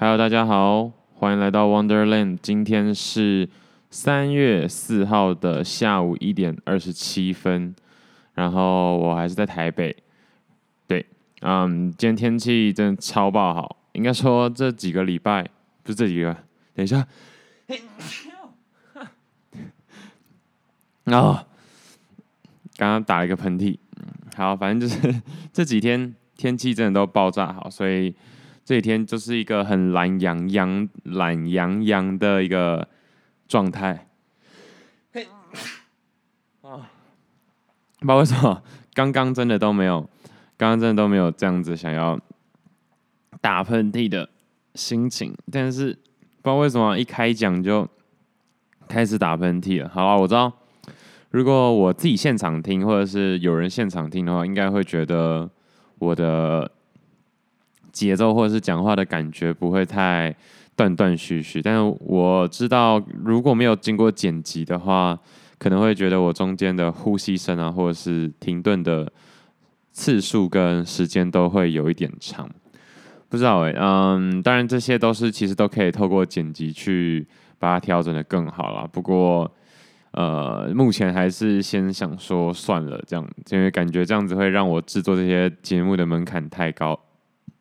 Hello，大家好，歡迎來到 Wonderland。今天是三月四號的下午一點二十七分，然後我還是在台北。對，嗯，今天天氣真的超爆好，應該說這幾個禮拜，不是這幾個，等一下。哦，然後剛剛打了一個噴嚏。嗯，好，反正就是呵呵這幾天天氣真的都爆炸好，所以。這幾天就是一個很懶洋洋、懶洋洋，洋洋的一個狀態。不知道為什麼，剛剛真的都沒有，剛剛真的都沒有這樣子想要打噴嚏的心情。但是不知道為什麼，一開講就開始打噴嚏了。好了、啊，我知道，如果我自己現場聽，或者是有人現場聽的話，應該會覺得我的。節奏或者是講話的感覺不會太斷斷續續，但是我知道如果沒有經過剪輯的話，可能會覺得我中間的呼吸聲啊，或者是停頓的次數跟時間都會有一點長。不知道哎、欸，嗯，當然這些都是其實都可以透過剪輯去把它調整得更好了。不過呃，目前還是先想說算了這樣，因為感覺這樣子會讓我制作這些節目的門檻太高。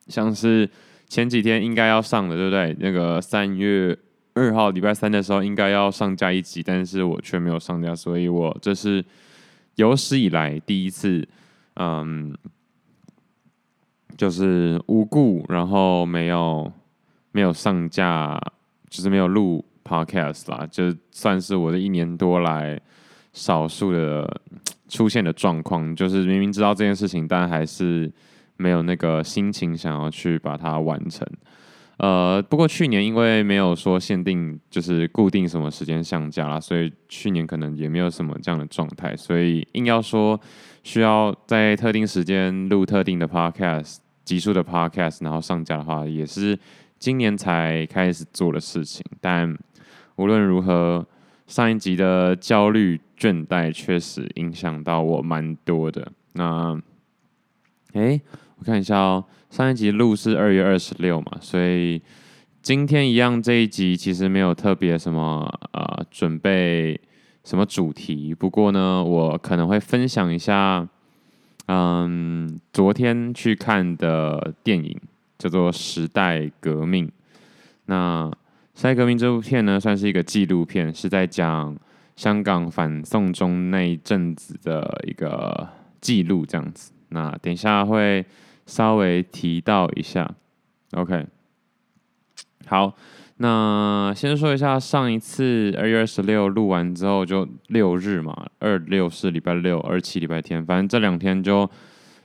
像是前幾天應該要上的，對不對？那個三月二號禮拜三的時候應該要上架一集，但是我卻沒有上架，所以我這是有史以來第一次，嗯，就是無故然後沒有沒有上架，就是沒有錄 podcast 啦，就算是我這一年多來少數的出現的狀況，就是明明知道這件事情，但還是。沒有那個心情想要去把它完成，呃，不過去年因為沒有說限定，就是固定什麼時間上架啦，所以去年可能也沒有什麼這樣的狀態。所以硬要說需要在特定時間錄特定的 podcast，集數的 podcast，然後上架的話，也是今年才開始做的事情。但無論如何，上一集的焦慮倦怠確實影響到我蠻多的。那，誒。我看一下哦，上一集錄是二月二十六嘛，所以今天一樣這一集其實沒有特別什麼呃準備什麼主題，不過呢，我可能會分享一下，嗯，昨天去看的電影叫做《時代革命》。那《時代革命》這部片呢，算是一個紀錄片，是在講香港反送中那一陣子的一個記錄這樣子。那等一下會。稍微提到一下，OK。好，那先說一下上一次二月二十六錄完之後就六日嘛，二六是禮拜六，二七禮拜天，反正這兩天就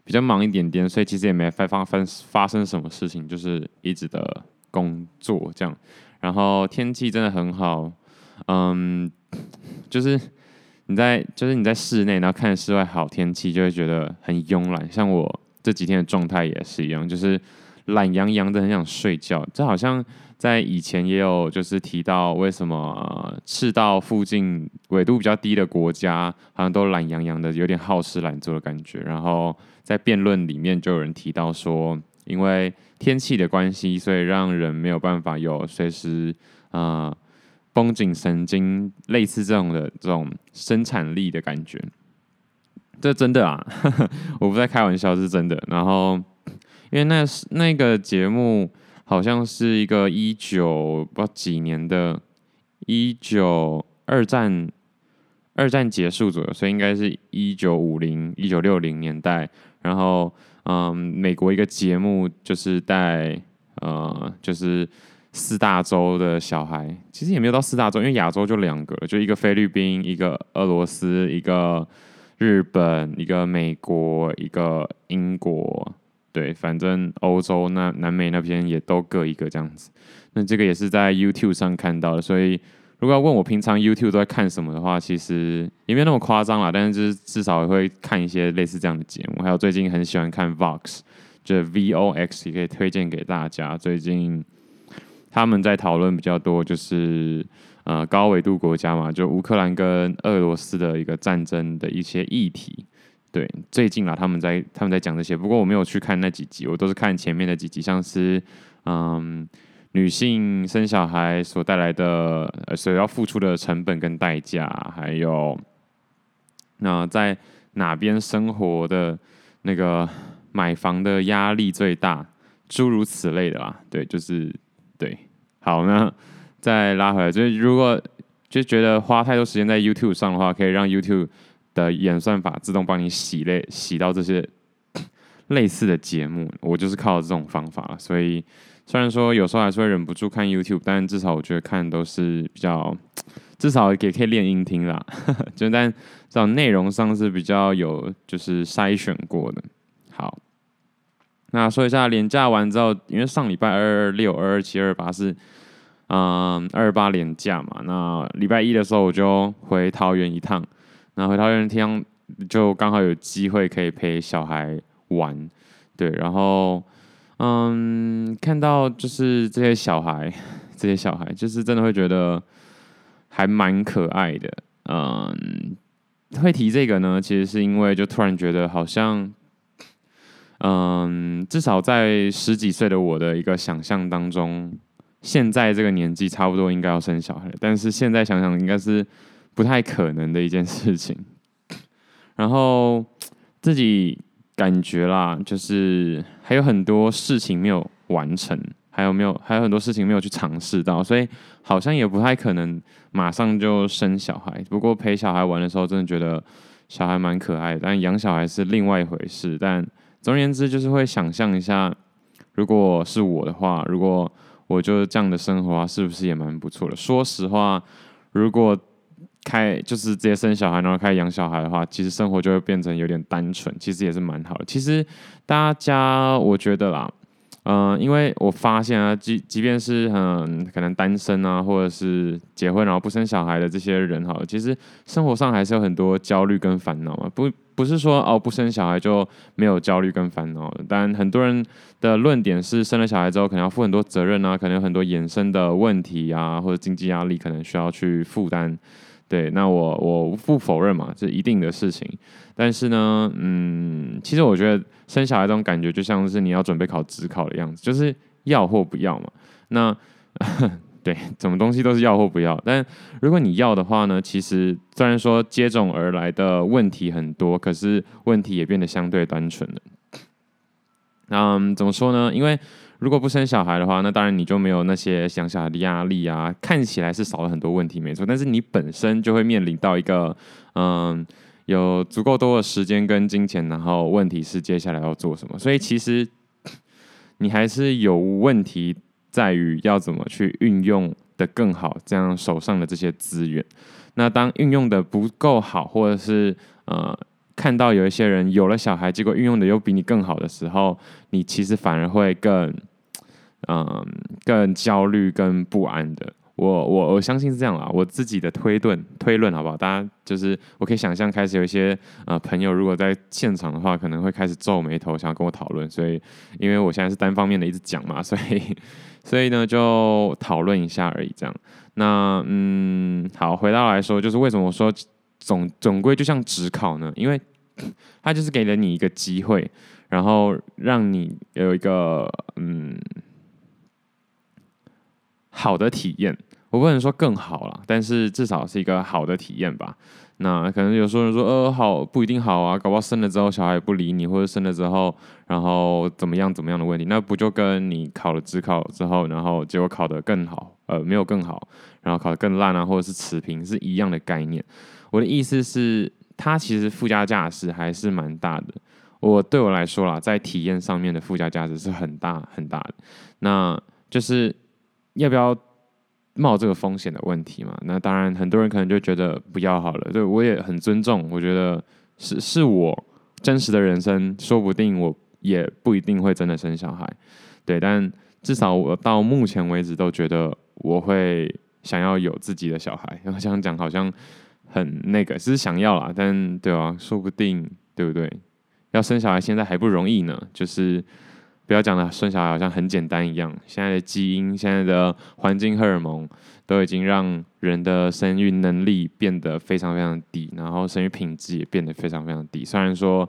比較忙一點點，所以其實也沒發發發發生什麼事情，就是一直的工作這樣。然後天氣真的很好，嗯，就是你在就是你在室內，然後看室外好天氣，就會覺得很慵懶，像我。這幾天的狀態也是一樣，就是懶洋洋的，很想睡覺。這好像在以前也有，就是提到為什麼、呃、赤道附近緯度比較低的國家，好像都懶洋洋的，有點好吃懶做的感覺。然後在辯論裡面就有人提到說，因為天氣的關係，所以讓人沒有辦法有隨時啊繃緊神經，類似這種的這種生產力的感覺。這真的啊， 我不在開玩笑，是真的。然後，因為那那個節目好像是一個一九不知道幾年的，一九二戰二戰結束左右，所以應該是一九五零一九六零年代。然後，嗯，美國一個節目就是帶呃、嗯，就是四大洲的小孩，其實也沒有到四大洲，因為亞洲就兩個，就一個菲律賓，一個俄羅斯，一個。日本一個，美國一個，英國，對，反正歐洲那南美那邊也都各一個這樣子。那這個也是在 YouTube 上看到的，所以如果要問我平常 YouTube 都在看什麼的話，其實也沒有那麼誇張啦，但是就是至少會看一些類似這樣的節目。還有最近很喜歡看 Vox，就是 Vox，也可以推薦給大家。最近他們在討論比較多就是。呃，高緯度國家嘛，就烏克蘭跟俄羅斯的一個戰爭的一些議題，對，最近啦，他們在他們在講這些，不過我沒有去看那幾集，我都是看前面的幾集，像是嗯，女性生小孩所帶來的，呃，所要付出的成本跟代價，還有那在哪邊生活的那個買房的壓力最大，諸如此類的啦，對，就是對，好呢。再拉回來，就是如果就覺得花太多時間在 YouTube 上的話，可以讓 YouTube 的演算法自動幫你洗類、洗到這些類似的節目。我就是靠這種方法。所以雖然說有時候還是會忍不住看 YouTube，但至少我覺得看都是比較，至少也可以練音聽啦。呵呵，就但至少內容上是比較有就是篩選過的。好，那說一下連假完之後，因為上禮拜二二六、二二七、二八是，嗯，二八年假嘛，那禮拜一的時候我就回桃園一趟，那回桃園一趟就剛好有機會可以陪小孩玩，對，然後嗯，看到就是這些小孩，這些小孩就是真的會覺得還蠻可愛的，嗯，會提這個呢，其實是因為就突然覺得好像，嗯，至少在十幾歲的我的一個想象當中。現在這個年紀，差不多應該要生小孩，但是現在想想，應該是不太可能的一件事情。然後自己感覺啦，就是還有很多事情沒有完成，還有沒有還有很多事情沒有去嘗試到，所以好像也不太可能馬上就生小孩。不過陪小孩玩的時候，真的覺得小孩蠻可愛的，但養小孩是另外一回事。但總而言之，就是會想象一下，如果是我的話，如果我覺得這樣的生活啊，是不是也蠻不錯的？說實話，如果開就是直接生小孩，然後開始養小孩的話，其實生活就會變成有點單純，其實也是蠻好的。其實大家，我覺得啦。嗯、呃，因為我發現啊，即即便是嗯，可能單身啊，或者是結婚然後不生小孩的這些人哈，其實生活上還是有很多焦慮跟煩惱啊。不，不是說哦，不生小孩就沒有焦慮跟煩惱。當然，很多人的論點是生了小孩之後可能要負很多責任啊，可能有很多衍生的問題啊，或者經濟壓力可能需要去負擔。對，那我我不否認嘛，是一定的事情。但是呢，嗯，其實我覺得生小孩這種感覺就像是你要準備考指考的樣子，就是要或不要嘛。那對，什麼東西都是要或不要。但如果你要的話呢，其實雖然說接踵而來的問題很多，可是問題也變得相對單純了。那、嗯、怎麼說呢？因為如果不生小孩的話，那當然你就沒有那些想小孩的壓力啊，看起來是少了很多問題，沒錯。但是你本身就會面臨到一個，嗯。有足夠多的時間跟金錢，然後問題是接下來要做什麼？所以其實你還是有問題在於要怎麼去運用的更好，這樣手上的這些資源。那當運用的不夠好，或者是呃看到有一些人有了小孩，結果運用的又比你更好的時候，你其實反而會更嗯、呃、更焦慮跟不安的。我我我相信是這樣啊，我自己的推論推論好不好？大家就是我可以想象開始有一些呃朋友如果在現場的話，可能會開始皺眉頭，想要跟我討論。所以因為我現在是單方面的一直講嘛，所以所以呢就討論一下而已這樣。那嗯好，回到來說，就是為什麼我說總總歸就像指考呢？因為他就是給了你一個機會，然後讓你有一個嗯好的體驗。我不能說更好了，但是至少是一個好的體驗吧。那可能有時候人說，呃，好不一定好啊，搞不好生了之後小孩不理你，或者生了之後，然後怎麼樣怎麼樣的問題，那不就跟你考了指考之後，然後結果考得更好，呃，沒有更好，然後考得更爛啊，或者是持平是一樣的概念。我的意思是，它其實附加價值還是蠻大的。我對我來說啦，在體驗上面的附加價值是很大很大的。那就是要不要？冒這個風險的問題嘛？那當然，很多人可能就覺得不要好了。對，我也很尊重。我覺得是是我真實的人生，說不定我也不一定會真的生小孩。對，但至少我到目前為止都覺得我會想要有自己的小孩。然後這樣講好像很那個，只是想要啦。但對啊，說不定對不對？要生小孩現在還不容易呢，就是。不要講了，生小孩好像很簡單一樣。現在的基因、現在的環境、荷爾蒙，都已經讓人的生育能力變得非常非常低，然後生育品質也變得非常非常低。雖然說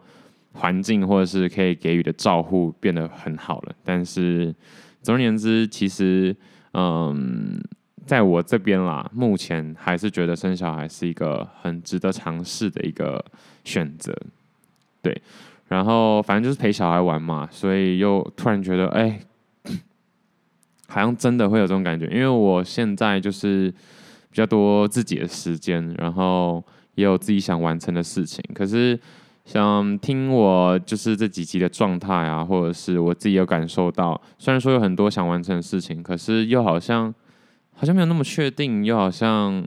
環境或者是可以給予的照護變得很好了，但是總而言之，其實，嗯，在我這邊啦，目前還是覺得生小孩是一個很值得嘗試的一個選擇，對。然後反正就是陪小孩玩嘛，所以又突然覺得，哎、欸，好像真的會有這種感覺。因為我現在就是比較多自己的時間，然後也有自己想完成的事情。可是想聽我就是這幾集的狀態啊，或者是我自己有感受到。雖然說有很多想完成的事情，可是又好像好像沒有那麼確定，又好像。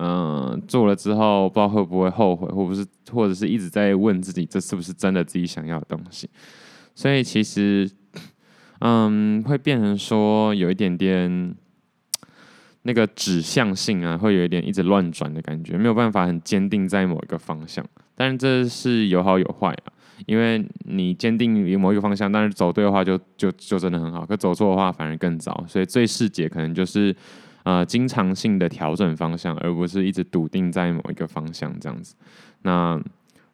嗯，做了之後不知道會不會後悔，或者是或者是一直在問自己這是不是真的自己想要的東西，所以其實嗯，會變成說有一點點那個指向性啊，會有一點一直亂轉的感覺，沒有辦法很堅定在某一個方向。但是這是有好有壞啊，因為你堅定於某一個方向，但是走對的話就就就真的很好，可走錯的話反而更糟。所以最適解可能就是。啊、呃，經常性的調整方向，而不是一直篤定在某一個方向這樣子。那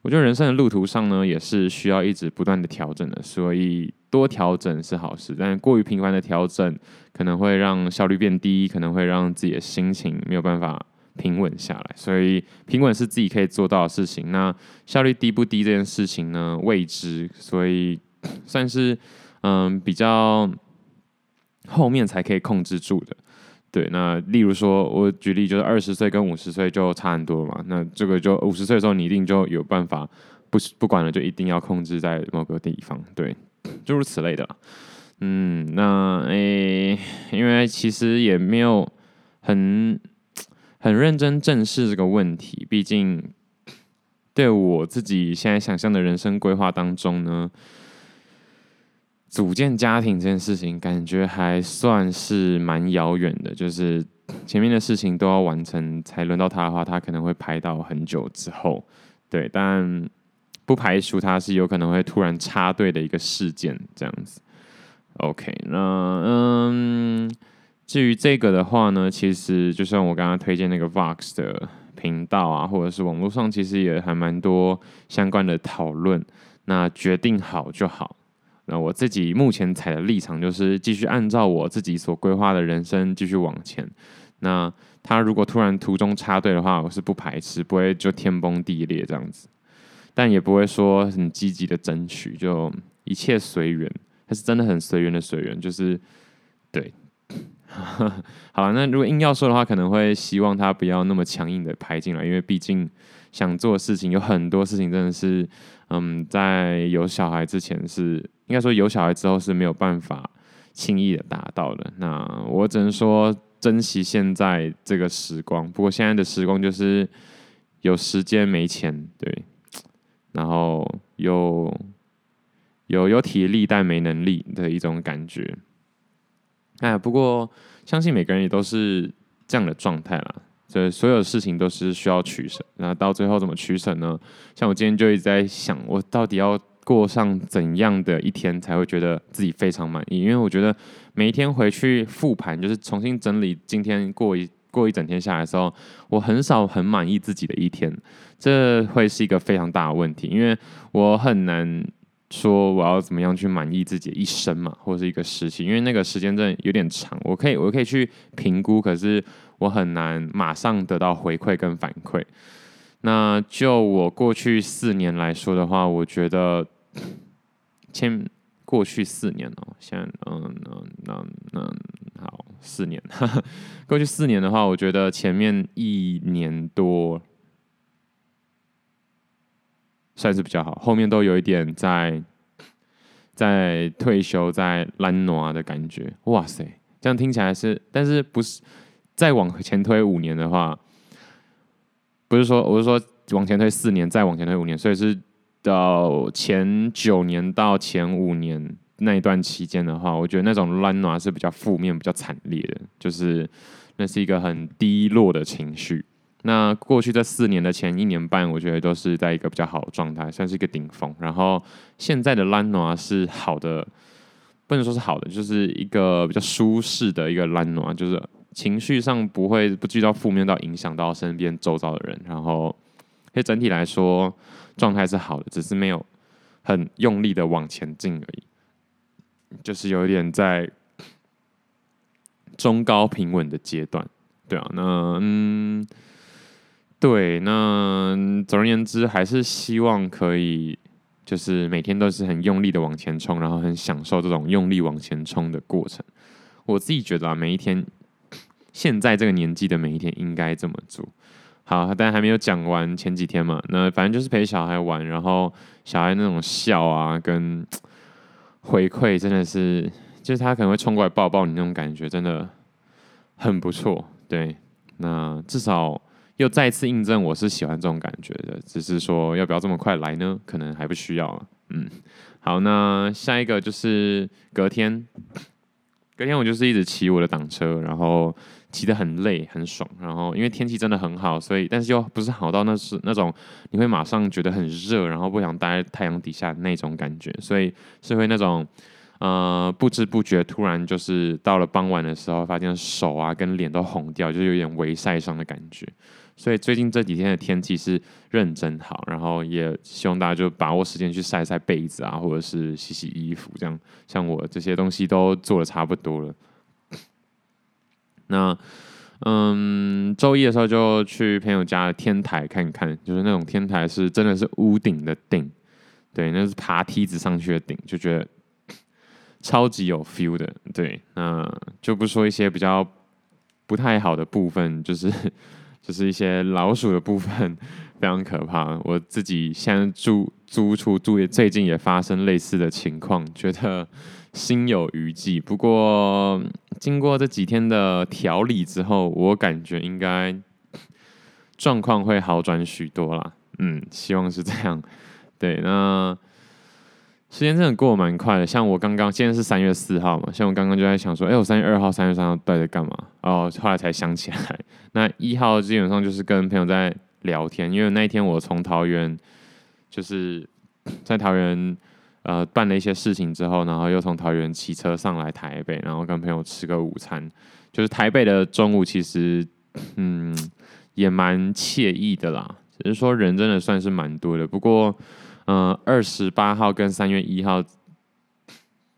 我覺得人生的路途上呢，也是需要一直不斷的調整的。所以多調整是好事，但過於頻繁的調整可能會讓效率變低，可能會讓自己的心情沒有辦法平穩下來。所以平穩是自己可以做到的事情。那效率低不低這件事情呢，未知，所以算是嗯、呃、比較後面才可以控制住的。對，那例如說，我舉例就是二十歲跟五十歲就差很多嘛。那這個就五十歲的時候，你一定就有辦法，不是不管了，就一定要控制在某個地方。對，諸如此類的。嗯，那誒，因為其實也沒有很很認真正視這個問題，畢竟對我自己現在想象的人生規劃當中呢。組建家庭這件事情，感覺還算是蠻遙遠的。就是前面的事情都要完成，才輪到他的話，他可能會排到很久之後。對，但不排除他是有可能會突然插隊的一個事件這樣子。OK，那嗯，至於這個的話呢，其實就像我剛剛推薦那個 Vox 的頻道啊，或者是網絡上，其實也還蠻多相關的討論。那決定好就好。那我自己目前踩的立場就是繼續按照我自己所規劃的人生繼續往前。那他如果突然途中插隊的話，我是不排斥，不會就天崩地裂這樣子，但也不會說很積極的爭取，就一切隨緣。他是真的很隨緣的隨緣，就是對。 好了，那如果硬要說的話，可能會希望他不要那麼強硬的排進來，因為畢竟想做的事情有很多事情真的是，嗯，在有小孩之前是。應該說有小孩之後是沒有辦法輕易的達到的。那我只能說珍惜現在這個時光。不過現在的時光就是有時間沒錢，對，然後有有有體力但沒能力的一種感覺。哎，不過相信每個人也都是這樣的狀態了。所以所有事情都是需要取舍。那到最後怎麼取舍呢？像我今天就一直在想，我到底要。過上怎樣的一天才會覺得自己非常滿意？因為我覺得每一天回去復盤，就是重新整理今天過一過一整天下來的時候，我很少很滿意自己的一天。這會是一個非常大的問題，因為我很難說我要怎麼樣去滿意自己的一生嘛，或是一個事情，因為那個時間真的有點長。我可以我可以去評估，可是我很難馬上得到回饋跟反饋。那就我過去四年來說的話，我覺得。前過去四年哦、喔，現在嗯嗯嗯嗯，好四年呵呵，過去四年的話，我覺得前面一年多算是比較好，後面都有一點在在退休在懶惰的感覺。哇塞，這樣聽起來是，但是不是再往前推五年的話，不是說我是說往前推四年，再往前推五年，所以是。到前九年到前五年那一段期間的話，我覺得那種亂拿是比較負面、比較慘烈的，就是那是一個很低落的情緒。那過去這四年的前一年半，我覺得都是在一個比較好的狀態，算是一個頂峰。然後現在的亂拿是好的，不能說是好的，就是一個比較舒適的一個亂拿，就是情緒上不會不聚焦負面，到影響到身邊周遭的人。然後，所以整體來說。狀態是好的，只是沒有很用力的往前進而已，就是有一點在中高平穩的階段，對啊，那嗯，對，那總而言之，還是希望可以就是每天都是很用力的往前衝，然後很享受這種用力往前衝的過程。我自己覺得啊，每一天，現在這個年紀的每一天，應該這麼做。好，但還沒有講完。前幾天嘛，那反正就是陪小孩玩，然後小孩那種笑啊，跟回饋真的是，就是他可能會衝過來抱抱你那種感覺，真的很不錯。對，那至少又再次印證我是喜歡這種感覺的。只是說要不要這麼快來呢？可能還不需要啊。嗯，好，那下一個就是隔天，隔天我就是一直騎我的擋車，然後。騎得很累，很爽。然後因為天氣真的很好，所以但是又不是好到那是那種你會馬上覺得很熱，然後不想待在太陽底下那種感覺。所以是會那種，呃，不知不覺突然就是到了傍晚的時候，發現手啊跟臉都紅掉，就有點微曬傷的感覺。所以最近這幾天的天氣是認真好，然後也希望大家就把握時間去曬曬被子啊，或者是洗洗衣服，這樣，像我這些東西都做得差不多了。那，嗯，週一的時候就去朋友家的天台看看，就是那種天台是真的是屋頂的頂，對，那是爬梯子上去的頂，就覺得超級有 feel 的，對。那就不說一些比較不太好的部分，就是就是一些老鼠的部分非常可怕。我自己現在住租出租也，最近也發生類似的情況，覺得。心有餘悸，不過經過這幾天的調理之後，我感覺應該狀況會好轉許多啦。嗯，希望是這樣。對，那時間真的過得蠻快的。像我剛剛，現在是三月四號嘛，像我剛剛就在想說，哎、欸，我三月二號、三月三號到底在幹嘛？哦，後來才想起來，那一號基本上就是跟朋友在聊天，因為那一天我從桃園，就是在桃園。呃，辦了一些事情之後，然後又從桃園騎車上來台北，然後跟朋友吃個午餐，就是台北的中午，其實，嗯，也蠻愜意的啦。只是說人真的算是蠻多的，不過，嗯、呃，二十八號跟三月一號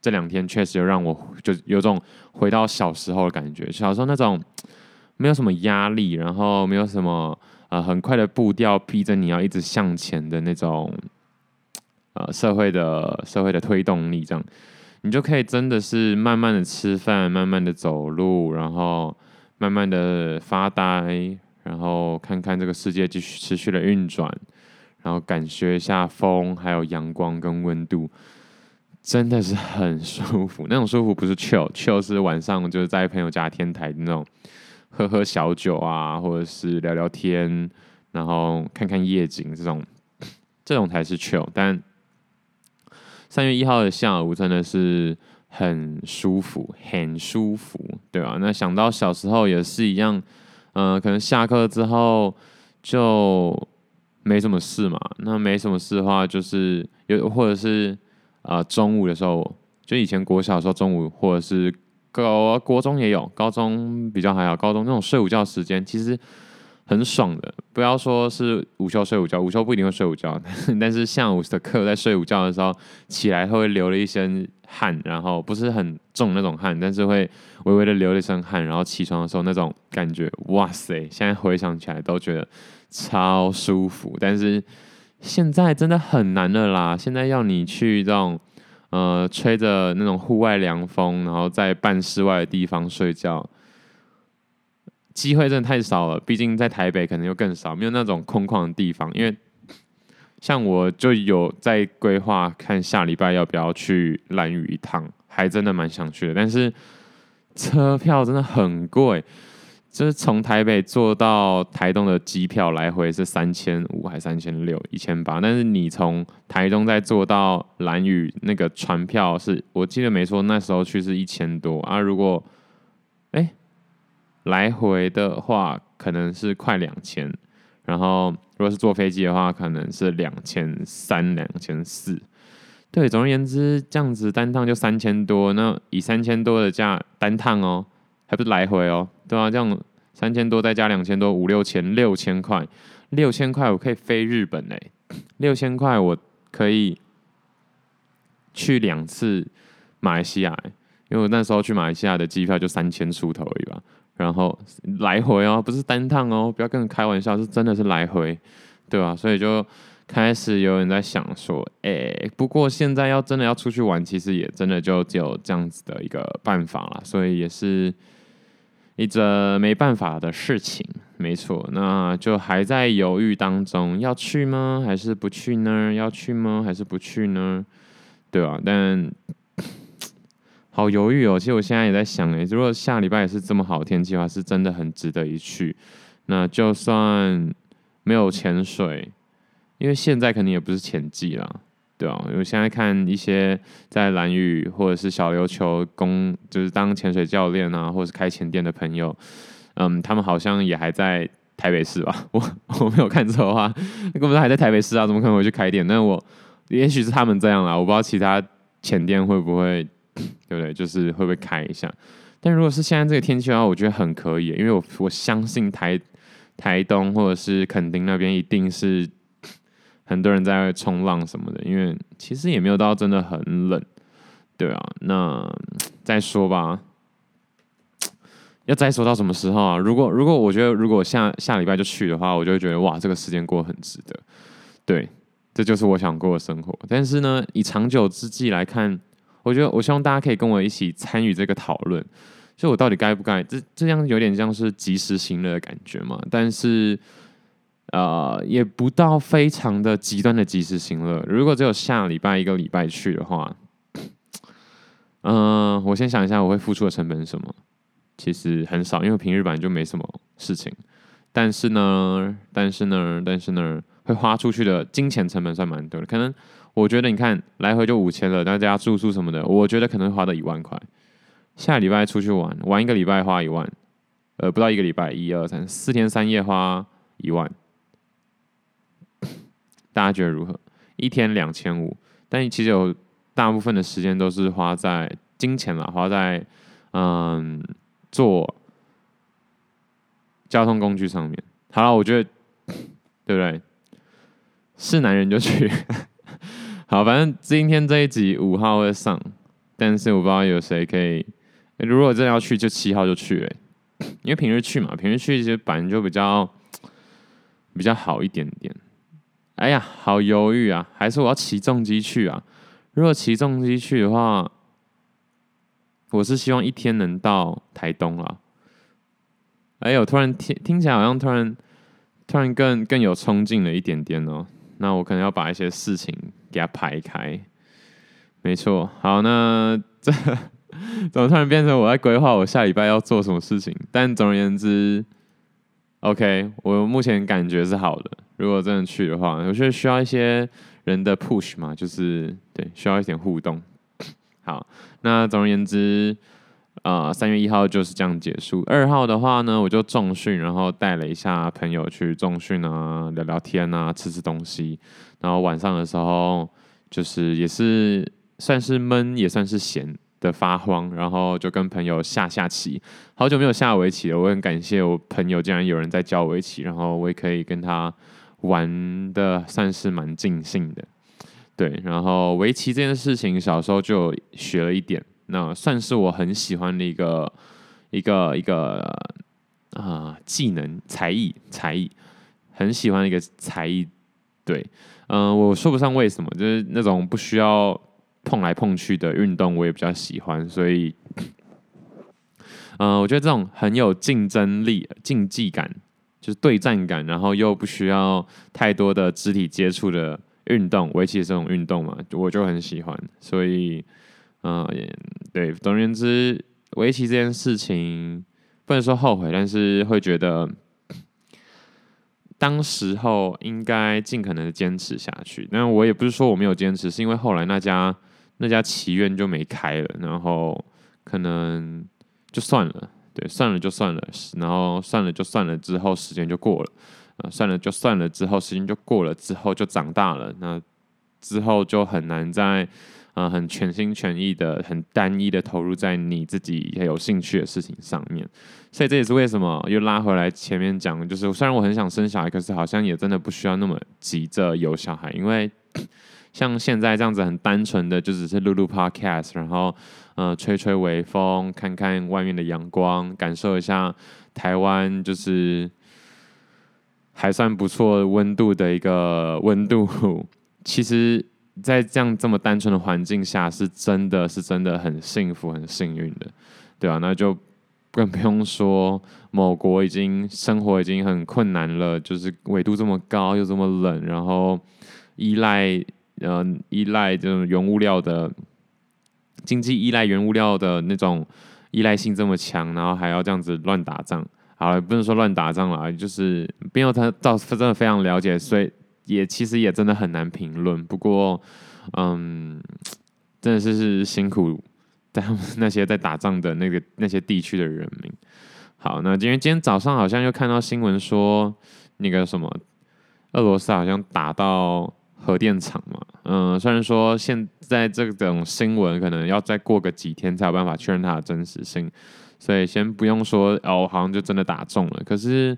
這兩天確實又讓我就有種回到小時候的感覺，小時候那種沒有什麼壓力，然後沒有什麼呃很快的步調逼着你要一直向前的那種。呃，社會的社會的推動力，這樣你就可以真的是慢慢的吃飯，慢慢的走路，然後慢慢的發呆，然後看看這個世界繼續持續的運轉，然後感覺一下風，還有陽光跟溫度，真的是很舒服。那種舒服不是 chill，chill chill 是晚上就是在朋友家天台那種喝喝小酒啊，或者是聊聊天，然後看看夜景這種，這種才是 chill，但。三月一號的下午真的是很舒服，很舒服，對啊，那想到小時候也是一樣，嗯、呃，可能下課之後就沒什麼事嘛。那沒什麼事的話，就是又或者是啊、呃，中午的時候，就以前國小的時候中午，或者是高國中也有，高中比較還好。高中那種睡午覺時間，其實很爽的，不要說是午休睡午覺，午休不一定會睡午覺，但是，但是下午的課在睡午覺的時候，起來會流了一身汗，然後不是很重那種汗，但是會微微的流了一身汗，然後起床的時候那種感覺，哇塞！現在回想起來都覺得超舒服，但是現在真的很難了啦，現在要你去這種，呃，吹着那種戶外涼風，然後在半室外的地方睡覺。機會真的太少了，畢竟在台北可能就更少，沒有那種空曠的地方。因為像我就有在規劃，看下禮拜要不要去蘭嶼一趟，還真的蠻想去的。但是車票真的很貴，就是從台北坐到台東的機票來回是三千五還三千六，一千八。但是你從台東再坐到蘭嶼那個船票是，是我記得沒錯，那時候去是一千多啊。如果來回的話，可能是快兩千，然後如果是坐飛機的話，可能是兩千三、兩千四。對，總而言之，這樣子單趟就三千多。那以三千多的價單趟哦，還不是來回哦，對啊，這樣三千多再加兩千多，五六千，六千塊，六千塊我可以飛日本欸，六千塊我可以去兩次馬來西亞欸，因為我那時候去馬來西亞的機票就三千出頭而已吧。然後來回哦，不是單趟哦，不要跟人開玩笑，是真的是來回，對吧、啊？所以就開始有人在想說，哎，不過現在要真的要出去玩，其實也真的就只有這樣子的一個辦法了，所以也是一則沒辦法的事情，沒錯。那就還在猶豫當中，要去嗎？還是不去呢？要去嗎？還是不去呢？對吧、啊？但。好猶豫哦，其實我現在也在想誒、欸，如果下禮拜也是這麼好的天氣的話，是真的很值得一去。那就算沒有潛水，因為現在肯定也不是潛季了，對啊，因為現在看一些在蘭嶼或者是小琉球工，就是當潛水教練啊，或者是開潛店的朋友，嗯，他們好像也還在台北市吧？我我沒有看錯的話，那不是還在台北市啊？怎麼可能回去開店？那我也許是他們這樣啦，我不知道其他潛店會不會。對不對？就是會不會開一下？但如果是現在這個天氣的話，我覺得很可以，因為我我相信台台東或者是墾丁那邊一定是很多人在外衝浪什麼的，因為其實也沒有到真的很冷，對啊。那再說吧，要再說到什麼時候啊？如果如果我覺得如果下下禮拜就去的話，我就會覺得哇，這個時間過得很值得。對，這就是我想過的生活。但是呢，以長久之計來看。我覺得我希望大家可以跟我一起參與這個討論，就我到底該不該？這這樣有點像是及時行樂的感覺嘛，但是呃，也不到非常的極端的及時行樂。如果只有下禮拜一個禮拜去的話，嗯、呃，我先想一下我會付出的成本是什麼？其實很少，因為平日本來就沒什麼事情。但是呢，但是呢，但是呢，會花出去的金錢成本算蠻多的，可能。我覺得你看來回就五千了，大家住宿什麼的，我覺得可能花到一萬塊。下禮拜出去玩，玩一個禮拜花一萬，呃，不到一個禮拜，一二三四天三夜花一萬，大家覺得如何？一天兩千五，但其實有大部分的時間都是花在金錢了，花在嗯坐交通工具上面。好啦，我覺得對不對？是男人就去。 好，反正今天這一集五號會上，但是我不知道有誰可以。如果真的要去，就七號就去，欸、因為平日去嘛，平日去其實本來就比較比較好一點點。哎呀，好猶豫啊！還是我要騎重機去啊？如果騎重機去的話，我是希望一天能到台東啊。哎呦，突然聽聽起來好像突然突然更更有衝勁了一點點哦，喔。那我可能要把一些事情。給它排開，沒錯。好，那這怎麼突然變成我在規劃我下禮拜要做什麼事情？但總而言之，OK，我目前感覺是好的。如果真的去的話，我覺得需要一些人的 push 嘛，就是對，需要一點互動。好，那總而言之。啊、呃，三月一號就是這樣結束。二號的話呢，我就重訓，然後帶了一下朋友去重訓啊，聊聊天啊，吃吃東西。然後晚上的時候，就是也是算是悶，也算是閒的發慌。然後就跟朋友下下棋，好久沒有下圍棋了。我很感謝我朋友，竟然有人在教圍棋，然後我也可以跟他玩的算是蠻盡興的。對，然後圍棋這件事情，小時候就學了一點。那算是我很喜歡的一個一個一個啊、呃、技能才藝才藝，很喜歡一個才藝。對，嗯、呃，我說不上為什麼，就是那種不需要碰來碰去的運動，我也比較喜歡。所以，嗯、呃，我覺得這種很有競爭力、競技感，就是對戰感，然後又不需要太多的肢體接觸的運動，圍棋這種運動嘛，我就很喜歡。所以。嗯，對，總而言之，圍棋這件事情不能說後悔，但是會覺得當時候應該盡可能堅持下去。那我也不是說我沒有堅持，是因為後來那家那家棋院就沒開了，然後可能就算了，對，算了就算了，然後算了就算了之後時間就過了，算了就算了之後時間就，就，就過了之後就長大了，那之後就很難再。啊、呃，很全心全意的，很單一的投入在你自己很有興趣的事情上面，所以這也是為什麼又拉回來前面講，就是雖然我很想生小孩，可是好像也真的不需要那麼急着有小孩，因為像現在這樣子很單純的，就只是錄錄 Podcast，然後嗯、呃，吹吹微風，看看外面的陽光，感受一下台灣就是還算不錯溫度的一個溫度，其實。在這樣這麼單純的環境下，是真的是真的很幸福、很幸運的，對啊，那就更不用說某國已經生活已經很困難了，就是緯度這麼高又這麼冷，然後依賴嗯、呃、依賴這種原物料的經濟依賴原物料的那種依賴性這麼強，然後還要這樣子亂打仗啊，不能說亂打仗了啊，就是因為我他到真的非常了解，所以。也其實也真的很難評論，不過，嗯，真的是是辛苦在那些在打仗的那個那些地區的人民。好，那今天今天早上好像又看到新聞說那個什麼，俄羅斯好像打到核電廠嘛，嗯，雖然說現在這種新聞可能要再過個幾天才有辦法確認它的真實性，所以先不用說哦，好像就真的打中了，可是。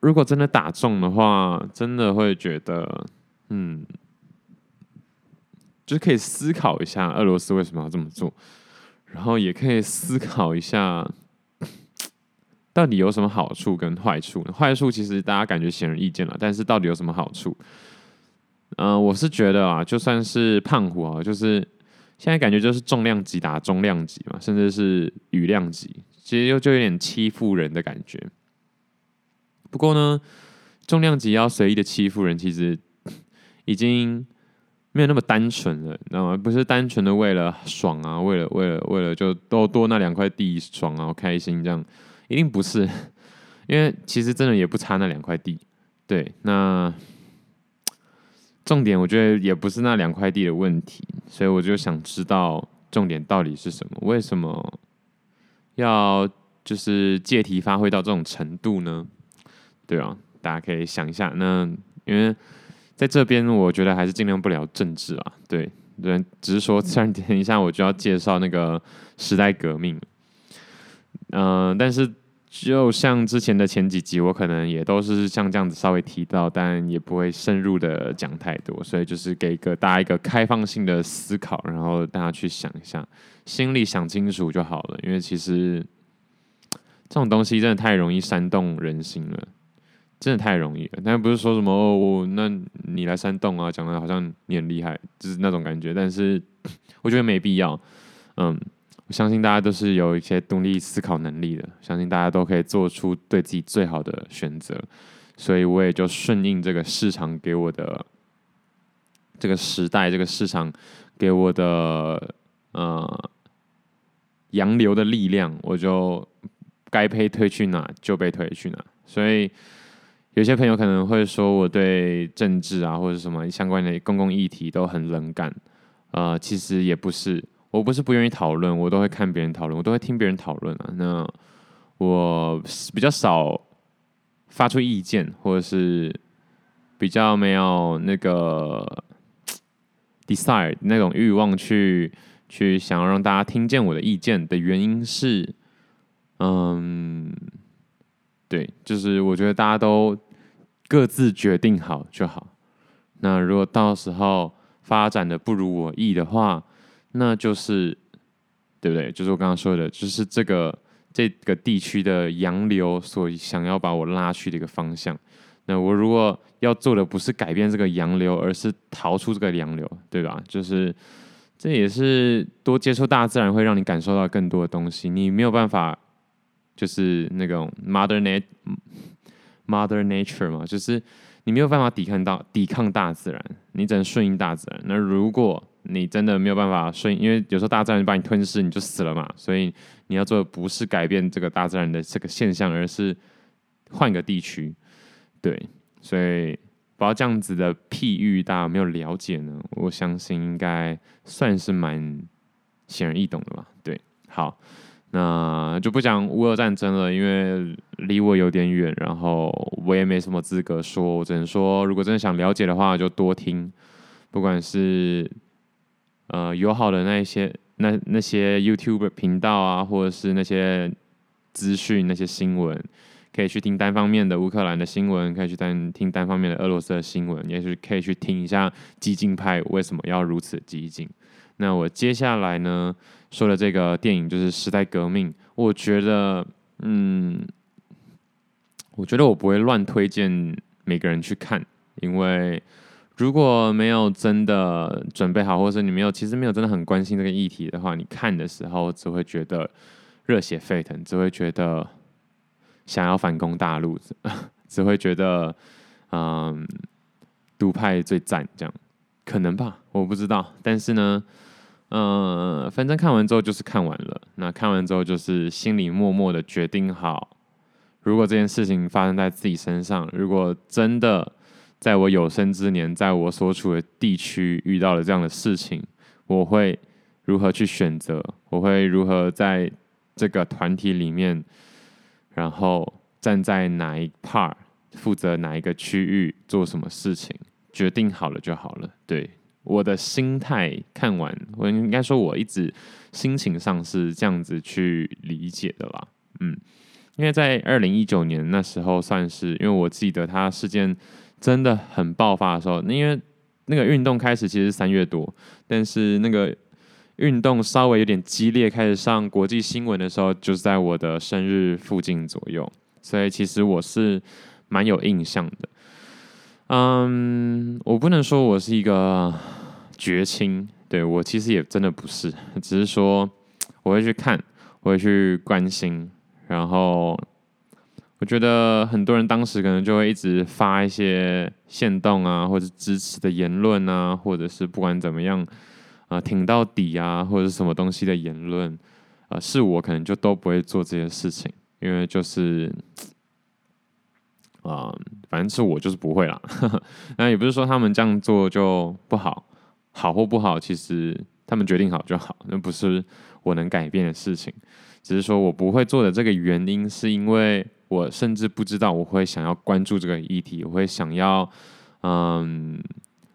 如果真的打中的話，真的會覺得，嗯，就是可以思考一下俄羅斯為什麼要這麼做，然後也可以思考一下，到底有什麼好處跟壞處呢？壞處其實大家感覺顯而易見了，但是到底有什麼好處？嗯、呃，我是覺得啊，就算是胖虎啊，就是現在感覺就是重量級打中量級嘛，甚至是羽量級，其實又就有點欺負人的感覺。不過呢，重量級要隨意的欺負人，其實已經沒有那麼單純了，你知道嗎？不是單純的為了爽啊，為了為了為了就多多那兩塊地爽啊，開心這樣，一定不是，因為其實真的也不差那兩塊地。對，那重點我覺得也不是那兩塊地的問題，所以我就想知道重點到底是什麼？為什麼要就是借題發揮到這種程度呢？對啊，大家可以想一下。那因為在這邊，我覺得還是儘量不聊政治啊。對對，只是說，雖然等一下我就要介紹那個時代革命，嗯、呃，但是就像之前的前幾集，我可能也都是像這樣子稍微提到，但也不會深入的講太多。所以就是給一個大家一個開放性的思考，然後大家去想一下，心裡想清楚就好了。因為其實這種東西真的太容易煽動人心了。真的太容易了，但不是說什麼哦，那你來煽動啊，講的好像你很厲害，就是那種感覺。但是我覺得沒必要。嗯，我相信大家都是有一些獨立思考能力的，相信大家都可以做出對自己最好的選擇。所以我也就順應這個市場給我的這個時代，這個市場給我的呃、嗯、洋流的力量，我就該被推去哪就被推去哪。所以。有些朋友可能會說，我對政治啊，或者什麼相關的公共議題都很冷感，呃，其實也不是，我不是不願意討論，我都會看別人討論，我都會聽別人討論啊。那我比較少發出意見，或者是比較沒有那個 desire 那種欲望去去想要讓大家聽見我的意見的原因是，嗯。對，就是我覺得大家都各自決定好就好。那如果到時候發展的不如我意的話，那就是對不對？就是我剛剛說的，就是這個這個地區的洋流所想要把我拉去的一個方向。那我如果要做的不是改變這個洋流，而是逃出這個洋流，對吧？就是這也是多接觸大自然，會讓你感受到更多的東西。你沒有辦法。就是那種 mother nature mother nature 嘛，就是你沒有辦法抵抗到抵抗大自然，你只能順應大自然。那如果你真的沒有辦法順，因為有時候大自然就把你吞噬，你就死了嘛。所以你要做的不是改變這個大自然的這個現象，而是換個地區。對，所以不知道這樣子的譬喻，大家有沒有了解呢？我相信應該算是蠻顯而易懂的吧。對，好。那就不講烏俄戰爭了，因為離我有點遠，然後我也沒什麼資格說，我只能說如果真的想了解的話，就多聽，不管是呃友好的那一些、那那些 YouTube 頻道啊，或者是那些資訊、那些新聞，可以去聽單方面的烏克蘭的新聞，可以去單聽單方面的俄羅斯的新聞，也許可以去聽一下激進派為什麼要如此激進。那我接下來呢，說的這個電影就是《時代革命》，我覺得，嗯，我覺得我不會亂推薦每個人去看，因為如果沒有真的準備好，或者是你沒有，其實沒有真的很關心這個議題的話，你看的時候只會覺得熱血沸騰，只會覺得想要反攻大陸，只會覺得嗯，獨派最讚這樣，可能吧，我不知道，但是呢。嗯、呃，反正看完之後就是看完了。那看完之後就是心裡默默的決定好，如果這件事情發生在自己身上，如果真的在我有生之年，在我所處的地區遇到了這樣的事情，我會如何去選擇？我會如何在這個團體裡面，然後站在哪一 part，負責哪一個區域，做什麼事情？決定好了就好了。對。我的心態看完，我應該說我一直心情上是這樣子去理解的吧，嗯，因為在二零一九年那時候，算是因為我記得他事件真的很爆發的時候，因為那個運動開始其實三月多，但是那個運動稍微有點激烈，開始上國際新聞的時候，就是在我的生日附近左右，所以其實我是蠻有印象的。嗯，我不能說我是一個。絕親，對，我其實也真的不是，只是說我會去看，我會去關心，然後我覺得很多人當時可能就會一直發一些限動啊，或者支持的言論啊，或者是不管怎麼樣啊、呃、挺到底啊，或者是什麼東西的言論啊、呃，是我可能就都不會做這些事情，因為就是啊、呃，反正是我就是不會啦呵呵。那也不是說他們這樣做就不好。好或不好，其實他們決定好就好，那不是我能改變的事情。只是說我不會做的這個原因，是因為我甚至不知道我會想要關注這個議題，我會想要嗯。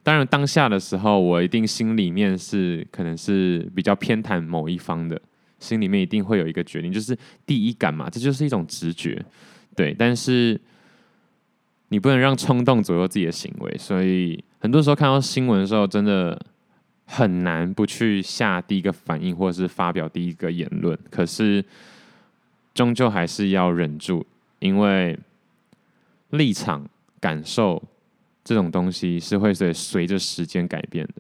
當然當下的時候，我一定心裡面是可能是比較偏袒某一方的，心裡面一定會有一個決定，就是第一感嘛，這就是一種直覺，對。但是。你不能讓衝動左右自己的行為，所以很多時候看到新聞的時候，真的很難不去下第一個反應，或者是發表第一個言論。可是終究還是要忍住，因為立場、感受這種東西是會隨隨着時間改變的，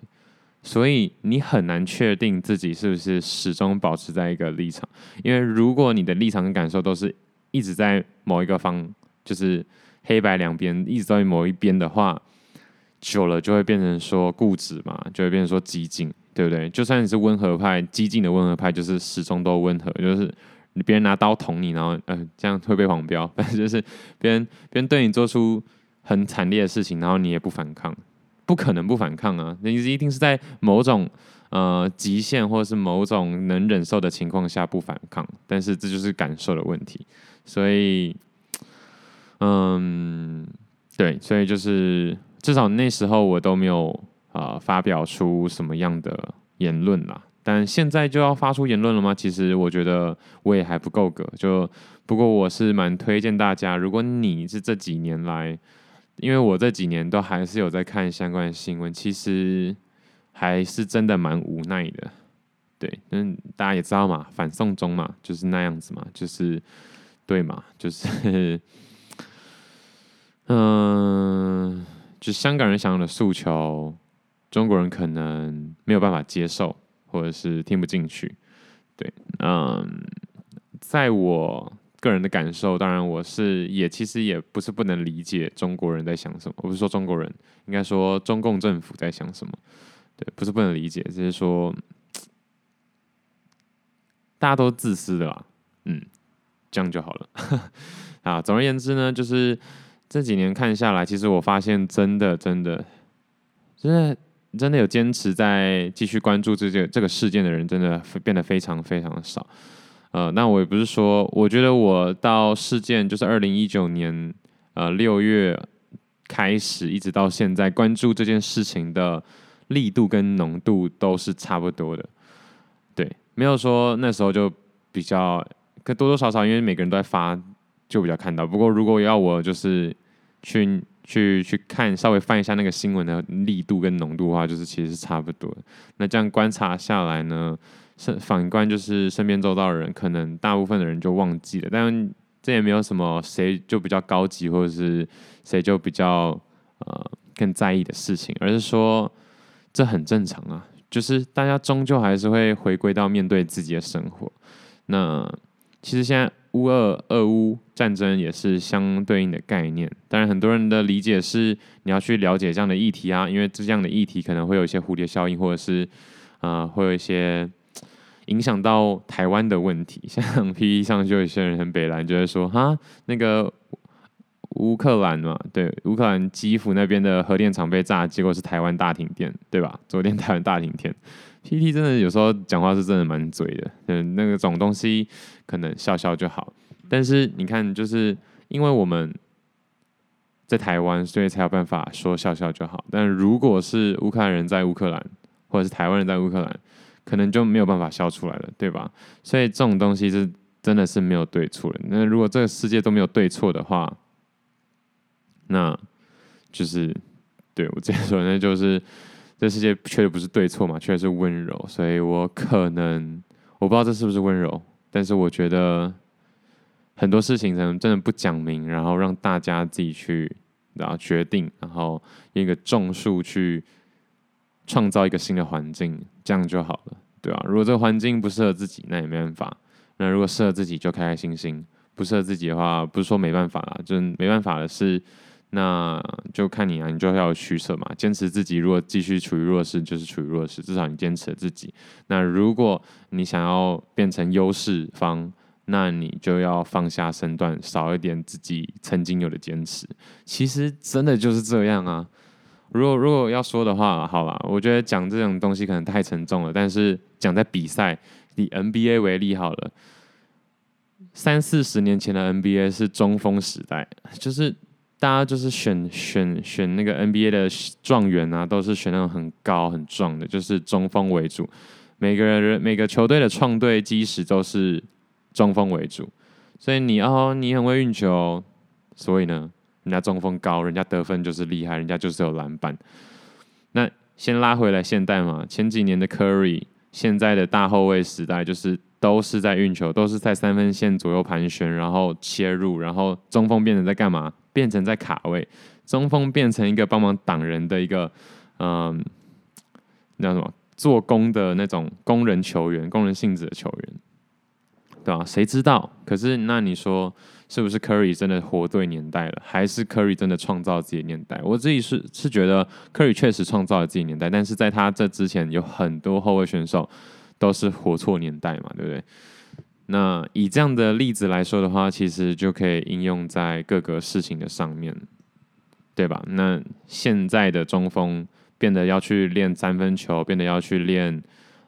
所以你很難確定自己是不是始終保持在一個立場。因為如果你的立場跟感受都是一直在某一個方，就是。黑白兩邊，一直在某一邊的話，久了就會變成說固執嘛，就會變成說激進，對不對？就算你是溫和派，激進的溫和派就是始終都溫和，就是你別人拿刀捅你，然後嗯、呃，這樣會被黃標，反正就是別人別人對你做出很慘烈的事情，然後你也不反抗，不可能不反抗啊，那你一定是在某種呃極限或者是某種能忍受的情況下不反抗，但是這就是感受的問題，所以。嗯，對，所以就是至少那時候我都沒有啊、呃、發表出什麼樣的言論啦，但現在就要發出言論了嗎？其實我覺得我也還不夠格。就不過我是蠻推薦大家，如果你是這幾年來，因為我這幾年都還是有在看相關的新聞，其實還是真的蠻無奈的。對，那、嗯、大家也知道嘛，反送中嘛，就是那樣子嘛，就是對嘛，就是。 嗯，就香港人想要的訴求，中國人可能沒有辦法接受，或者是聽不進去。對，嗯，在我個人的感受，當然我是也其實也不是不能理解中國人在想什麼。我不是說中國人，應該說中共政府在想什麼。對，不是不能理解，只是說大家都自私的啦。嗯，這樣就好了。啊， 總而言之呢，就是。這幾年看下來，其實我發現，真的，真的，真的，真的有堅持在繼續關注這件、這個事件的人，真的變得非常非常少。呃，那我也不是說，我覺得我到事件就是二零一九年呃六月開始，一直到現在關注這件事情的力度跟濃度都是差不多的。對，沒有說那時候就比較，可多多少少，因為每個人都在發。就比較看到，不過如果要我就是去去去看，稍微翻一下那個新聞的力度跟濃度的話，就是其實是差不多。那這樣觀察下來呢，是反觀就是身邊周遭的人，可能大部分的人就忘記了，但這也沒有什麼誰就比較高級，或者是誰就比較呃更在意的事情，而是說這很正常啊，就是大家終究還是會回歸到面對自己的生活。那其實現在。烏俄、俄烏戰爭也是相對應的概念，當然很多人的理解是你要去了解這樣的議題啊，因為這樣的議題可能會有一些蝴蝶效應，或者是啊、呃、會有一些影響到台灣的問題。像 PTT 上就有些人很北藍，就會、是、說哈那個烏克蘭嘛，對烏克蘭基輔那邊的核電廠被炸，結果是台灣大停電，對吧？昨天台灣大停電。PT 真的有時候講話是真的蠻嘴的，嗯，那個種東西可能笑笑就好。但是你看，就是因為我們在台灣，所以才有辦法說笑笑就好。但如果是烏克蘭人在烏克蘭，或者是台灣人在烏克蘭，可能就沒有辦法笑出來了，對吧？所以這種東西是真的是沒有對錯的。那如果這個世界都沒有對錯的話，那就是對我這樣說，那就是。這世界缺的不是對錯嘛，缺的是溫柔，所以我可能我不知道這是不是溫柔，但是我覺得很多事情可能真的不講明，然後讓大家自己去然後決定，然後用一個種樹去創造一個新的環境，這樣就好了，對啊？如果這個環境不適合自己，那也沒辦法。那如果適合自己就開開心心，不適合自己的話，不是說沒辦法啊，就沒辦法的事。那就看你啊，你就要取捨嘛。堅持自己，如果繼續處於弱勢，就是處於弱勢。至少你堅持了自己。那如果你想要變成優勢方，那你就要放下身段，少一點自己曾經有的堅持。其實真的就是這樣啊。如果如果要說的話，好吧，我覺得講這種東西可能太沉重了。但是講在比賽，以 NBA 為例好了，三四十年前的 NBA 是中鋒時代，就是。大家就是選選選那個 NBA 的狀元啊，都是選那種很高很壯的，就是中鋒為主。每個人、每個球隊的創隊基石都是中鋒為主，所以你哦，你很會運球，所以呢，人家中鋒高，人家得分就是厲害，人家就是有籃板。那先拉回來現代嘛，前幾年的 Curry，現在的大後衛時代就是都是在運球，都是在三分線左右盤旋，然後切入，然後中鋒變成在幹嘛？變成在卡位，中鋒變成一個幫忙擋人的一個，嗯，那叫什麼做工的那種工人球員，工人性質的球員，對吧、啊？誰知道？可是那你說，是不是 Curry 真的活對年代了，還是 Curry 真的創造自己年代？我自己是是覺得 Curry 確實創造了自己年代，但是在他這之前有很多後衛選手都是活錯年代嘛，對不對？那以這樣的例子來說的話，其實就可以應用在各個事情的上面，對吧？那現在的中鋒變得要去練三分球，變得要去練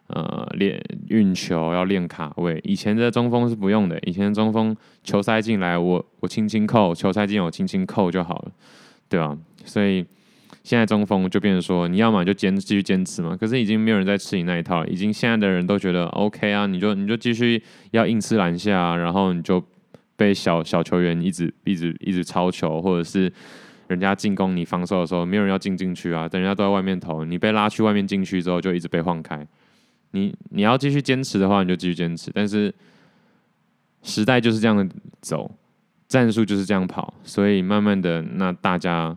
呃練運球，要練卡位。以前的中鋒是不用的，以前的中鋒球塞進來我，我我輕輕扣，球塞進我輕輕扣就好了，對吧？所以。現在中鋒就變成說，你要麼就堅繼續堅持嘛，可是已經沒有人再吃你那一套，已經現在的人都覺得 OK 啊，你就你就繼續要硬吃籃下啊，然後你就被小小球員一直一直一直一直抄球，或者是人家進攻你防守的時候，沒有人要進禁區啊，等人家都在外面投，你被拉去外面禁區之後，就一直被晃開，你你要繼續堅持的話，你就繼續堅持，但是時代就是這樣走，戰術就是這樣跑，所以慢慢的那大家。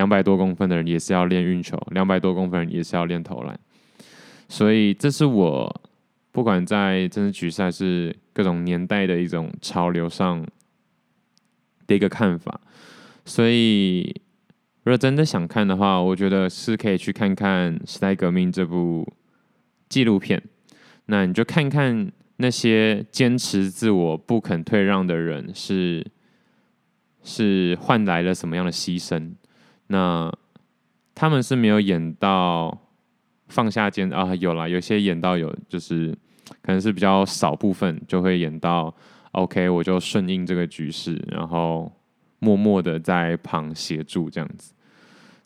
兩百多公分的人也是要練運球，兩百多公分的人也是要練投籃，所以這是我不管在真實決賽是各種年代的一種潮流上的一個看法。所以，如果真的想看的話，我覺得是可以去看看《時代革命》這部紀錄片。那你就看看那些堅持自我、不肯退讓的人是，是是換來了什麼樣的犧牲。那他們是沒有演到放下肩啊，有啦，有些演到有，就是可能是比較少部分就會演到，OK，我就順應這個局勢，然後默默的在旁協助這樣子。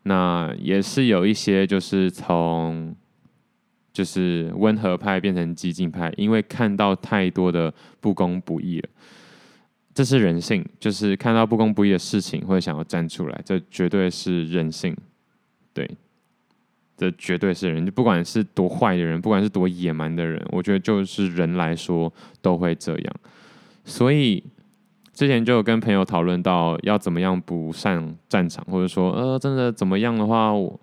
那也是有一些就是從就是溫和派變成激進派，因為看到太多的不公不義了。這是人性，就是看到不公不義的事情，會想要站出來，這絕對是人性，對，這絕對是人。不管是多壞的人，不管是多野蠻的人，我覺得就是人來說都會這樣。所以之前就有跟朋友討論到，要怎麼樣不上戰場，或者說，呃，真的怎麼樣的話，我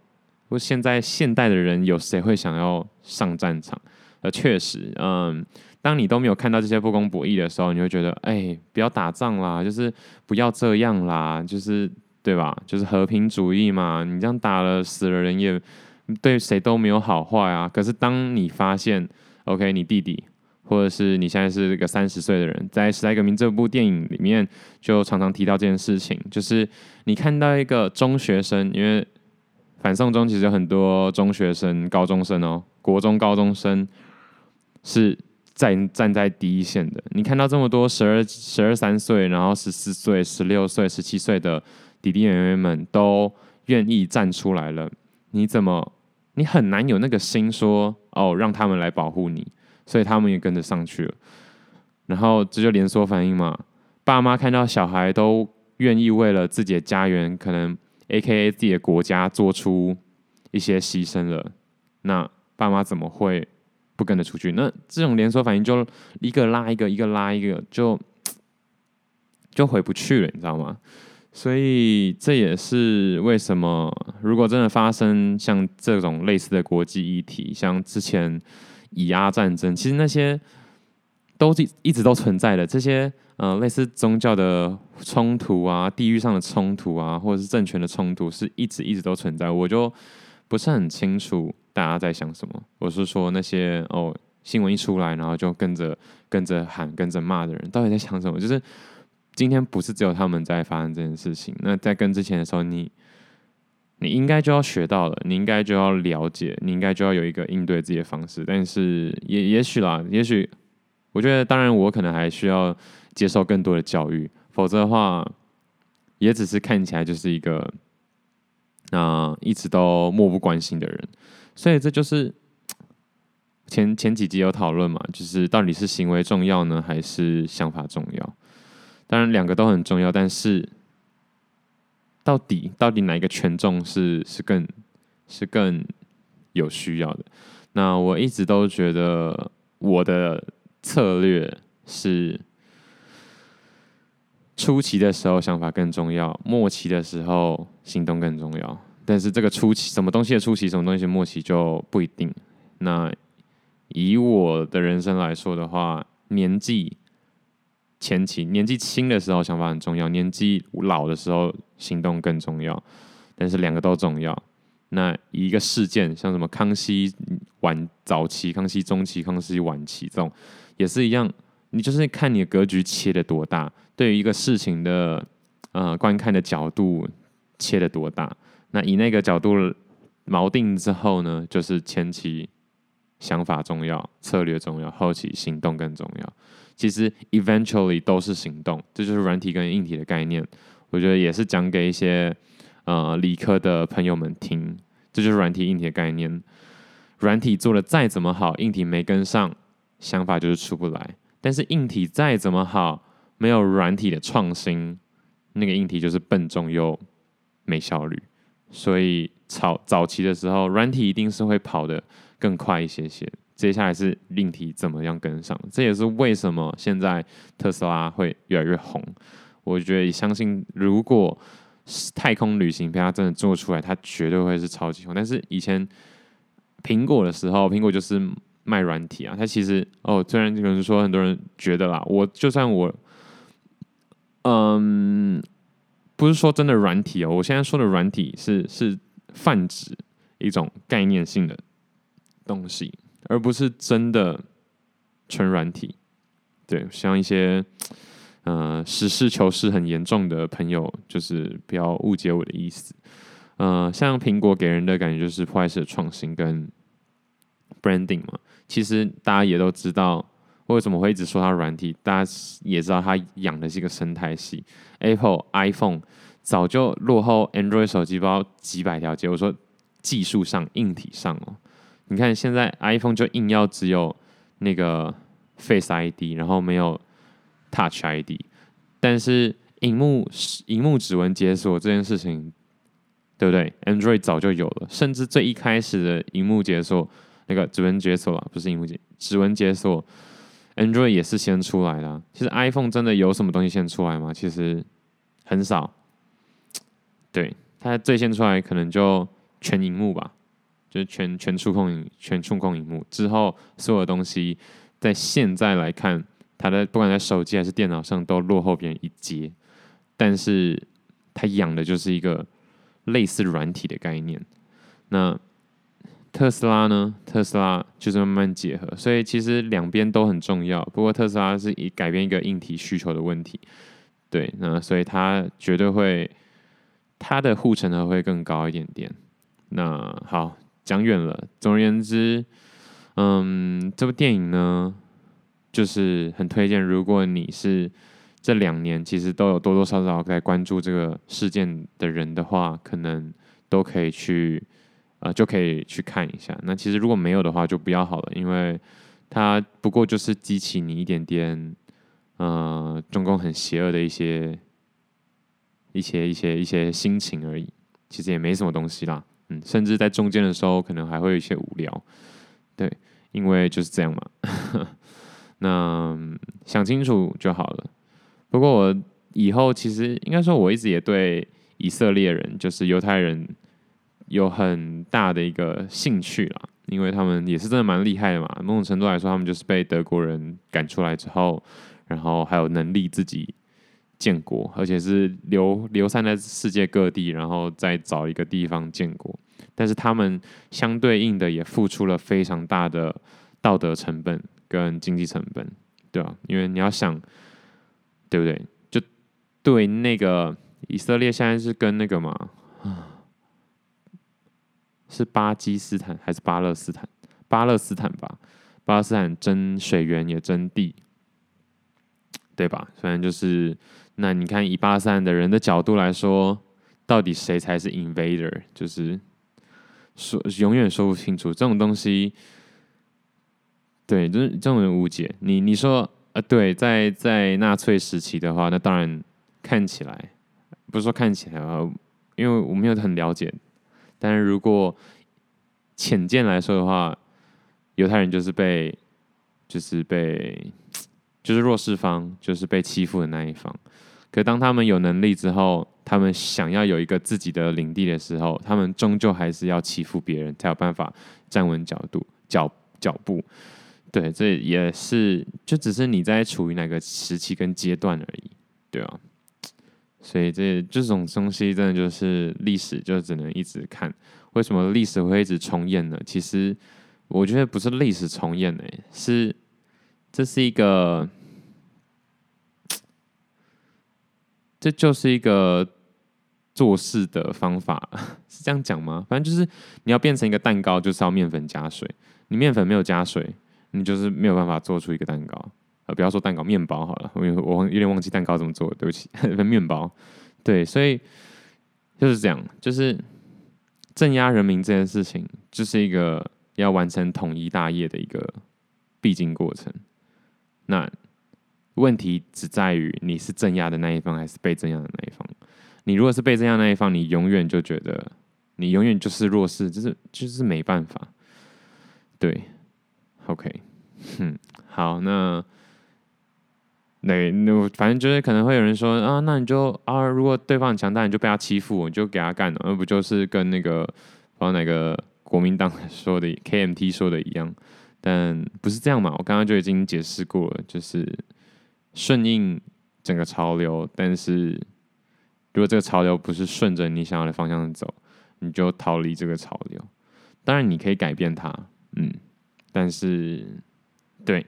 現在現代的人有誰會想要上戰場？呃，確實，嗯。當你都沒有看到這些不公不義的時候，你會覺得，哎、欸，不要打仗啦，就是不要這樣啦，就是對吧？就是和平主義嘛。你這樣打了死了人也，也對誰都沒有好壞啊。可是當你發現，OK，你弟弟，或者是你現在是一個三十歲的人，在《時代革命》這部電影裡面，就常常提到這件事情，就是你看到一個中學生，因為反送中，其實有很多中學生、高中生哦、喔，國中、高中生是。站站在第一線的，你看到這麼多十二、十二三歲，然後十四歲、十六歲、十七歲的弟弟妹妹們都願意站出來了，你怎麼，你很難有那個心說，哦，讓他們來保護你，所以他們也跟着上去了，然後這就連鎖反應嘛。爸媽看到小孩都願意為了自己的家園，可能 AKA 自己的國家做出一些犧牲了，那爸媽怎麼會？不跟着出去，那這種連鎖反應就一個拉一個，一個拉一個，就就回不去了，你知道嗎？所以這也是為什麼，如果真的發生像這種類似的國際議題，像之前以阿戰爭，其實那些都是一直都存在的這些，呃類似宗教的衝突啊、地域上的衝突啊，或者是政權的衝突，是一直一直都存在。我就不是很清楚。大家在想什麼？我是說那些哦，新聞一出來，然後就跟着跟着喊，跟着罵的人，到底在想什麼？就是今天不是只有他們在發生這件事情。那在跟之前的時候，你你應該就要學到了，你應該就要了解，你應該就要有一個應對自己的方式。但是也也許啦，也許我覺得，當然我可能還需要接受更多的教育，否則的話，也只是看起來就是一個啊、呃，一直都漠不關心的人。所以這就是前前幾集有討論嘛，就是到底是行為重要呢，還是想法重要？當然兩個都很重要，但是到底到底哪一個權重是是更是更有需要的？那我一直都覺得我的策略是初期的時候想法更重要，末期的時候行動更重要。但是這個初期什麼東西的初期，什麼東西的末期就不一定。那以我的人生來說的話，年紀前期、年紀輕的時候想法很重要，年紀老的時候行動更重要。但是兩個都重要。那一個事件，像什麼康熙晚早期、康熙中期、康熙晚期這種，也是一樣。你就是看你的格局切得多大，對於一個事情的呃觀看的角度切得多大。那以那個角度錨定之後呢，就是前期想法重要，策略重要，後期行動更重要。其實，eventually 都是行動，這就是軟體跟硬體的概念。我覺得也是講給一些呃理科的朋友們聽，這就是軟體硬體的概念。軟體做得再怎麼好，硬體沒跟上，想法就是出不來；但是硬體再怎麼好，沒有軟體的創新，那個硬體就是笨重又沒效率。所以早早期的時候，軟體一定是會跑得更快一些些。接下來是硬體怎麼樣跟上，這也是為什麼現在特斯拉會越來越紅。我覺得相信，如果太空旅行被它真的做出來，它絕對會是超級紅。但是以前蘋果的時候，蘋果就是賣軟體啊，它其實哦，雖然有人說很多人覺得啦，我就算我，嗯。不是說真的軟體哦，我現在說的軟體是是泛指一種概念性的東西，而不是真的純軟體。對，像一些嗯、呃、實事求是很嚴重的朋友，就是不要誤解我的意思。嗯、呃，像蘋果給人的感覺就是破壞式的創新跟 branding 嘛，其實大家也都知道。為什麼會一直說它軟體？大家也知道，它養的是一個生態系。Apple iPhone 早就落後 Android 手機包幾百條街。我說技術上，硬體上哦、喔，你看現在 iPhone 就硬要只有那個 Face ID，然後沒有 Touch ID，但是熒幕熒幕指紋解鎖這件事情，對不對？Android 早就有了，甚至最一開始的熒幕解鎖那個指紋解鎖啊，不是熒幕解指紋解鎖。Android 也是先出來的啊。其實 iPhone 真的有什麼東西先出來嗎？其實很少。對，它最先出來可能就全熒幕吧，就是全全觸控全觸控熒幕。之後所有的東西在現在來看，它在不管在手機還是電腦上都落後別人一截。但是它養的就是一個類似軟體的概念。那特斯拉呢？特斯拉就是慢慢結合，所以其實兩邊都很重要。不過特斯拉是以改變一個硬體需求的問題，對，那所以它絕對會，它的護城河會更高一點點。那好，講遠了。總而言之，嗯，這部電影呢，就是很推薦。如果你是這兩年其實都有多多少少在關注這個事件的人的話，可能都可以去。啊、呃，就可以去看一下。那其實如果沒有的話，就不要好了，因為它不過就是激起你一點點，呃，中共很邪惡的一些、一些、一些、一些心情而已。其實也沒什麼東西啦，嗯，甚至在中間的時候，可能還會有一些無聊。對，因為就是這樣嘛。 那想清楚就好了。不過我以後其實應該說，我一直也對以色列人，就是猶太人。有很大的一個興趣啦，因為他們也是真的蠻厲害的嘛。某種程度來說，他們就是被德國人趕出來之後，然後還有能力自己建國，而且是流流散在世界各地，然後再找一個地方建國。但是他們相對應的也付出了非常大的道德成本跟經濟成本，對吧、啊？因為你要想，對不對？就對那個以色列現在是跟那個嘛是巴基斯坦還是巴勒斯坦？巴勒斯坦吧，巴勒斯坦爭水源也爭地，對吧？反正就是，那你看以巴勒的人的角度來說，到底誰才是 invader？就是說永遠說不清楚這種東西。對，這、就是、這種人誤解你，你說呃，對，在在納粹時期的話，那當然看起來不是說看起來吧，因為我沒有很了解。但是如果淺見來說的話，猶太人就是被，就是被，就是弱勢方，就是被欺負的那一方。可當他們有能力之後，他們想要有一個自己的領地的時候，他們終究還是要欺負別人，才有辦法站穩角度腳腳步。對，這也是就只是你在處於哪個時期跟階段而已，對啊。所以這這種東西真的就是歷史，就只能一直看。為什麼歷史會一直重演呢？其實我覺得不是歷史重演呢、欸，是這是一個，這就是一個做事的方法，是這樣講嗎？反正就是你要變成一個蛋糕，就是要麵粉加水。你麵粉沒有加水，你就是沒有辦法做出一個蛋糕。不要說蛋糕，麵包好了，我有我有點忘記蛋糕怎麼做，對不起。麵包，對，所以就是這樣，就是鎮壓人民這件事情，就是一個要完成統一大業的一個必經過程。那問題只在於你是鎮壓的那一方，還是被鎮壓的那一方，你如果是被鎮壓那一方，你永遠就覺得你永遠就是弱勢，就是就是沒辦法。對，OK，嗯，好，那。對，那那反正就是可能會有人說啊，那你就啊，如果對方很強大，你就被他欺負，你就給他幹了，那不就是跟那個，啊哪個國民黨說的 KMT 說的一樣，但不是這樣嘛？我剛剛就已經解釋過了，就是順應整個潮流，但是如果這個潮流不是順着你想要的方向走，你就逃離這個潮流。當然你可以改變它，嗯，但是對。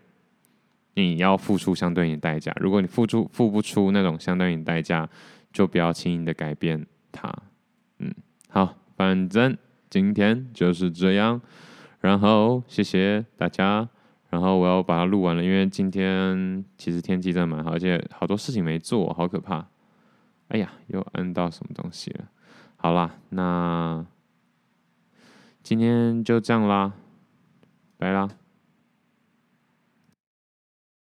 你要付出相對應的代價，如果你付出付不出那種相對應的代價，就不要輕易的改變它。嗯，好，反正今天就是這樣，然後謝謝大家，然後我要把它錄完了，因為今天其實天氣真的蠻好，而且好多事情沒做，好可怕。哎呀，又按到什麼東西了？好啦，那今天就這樣啦，拜啦。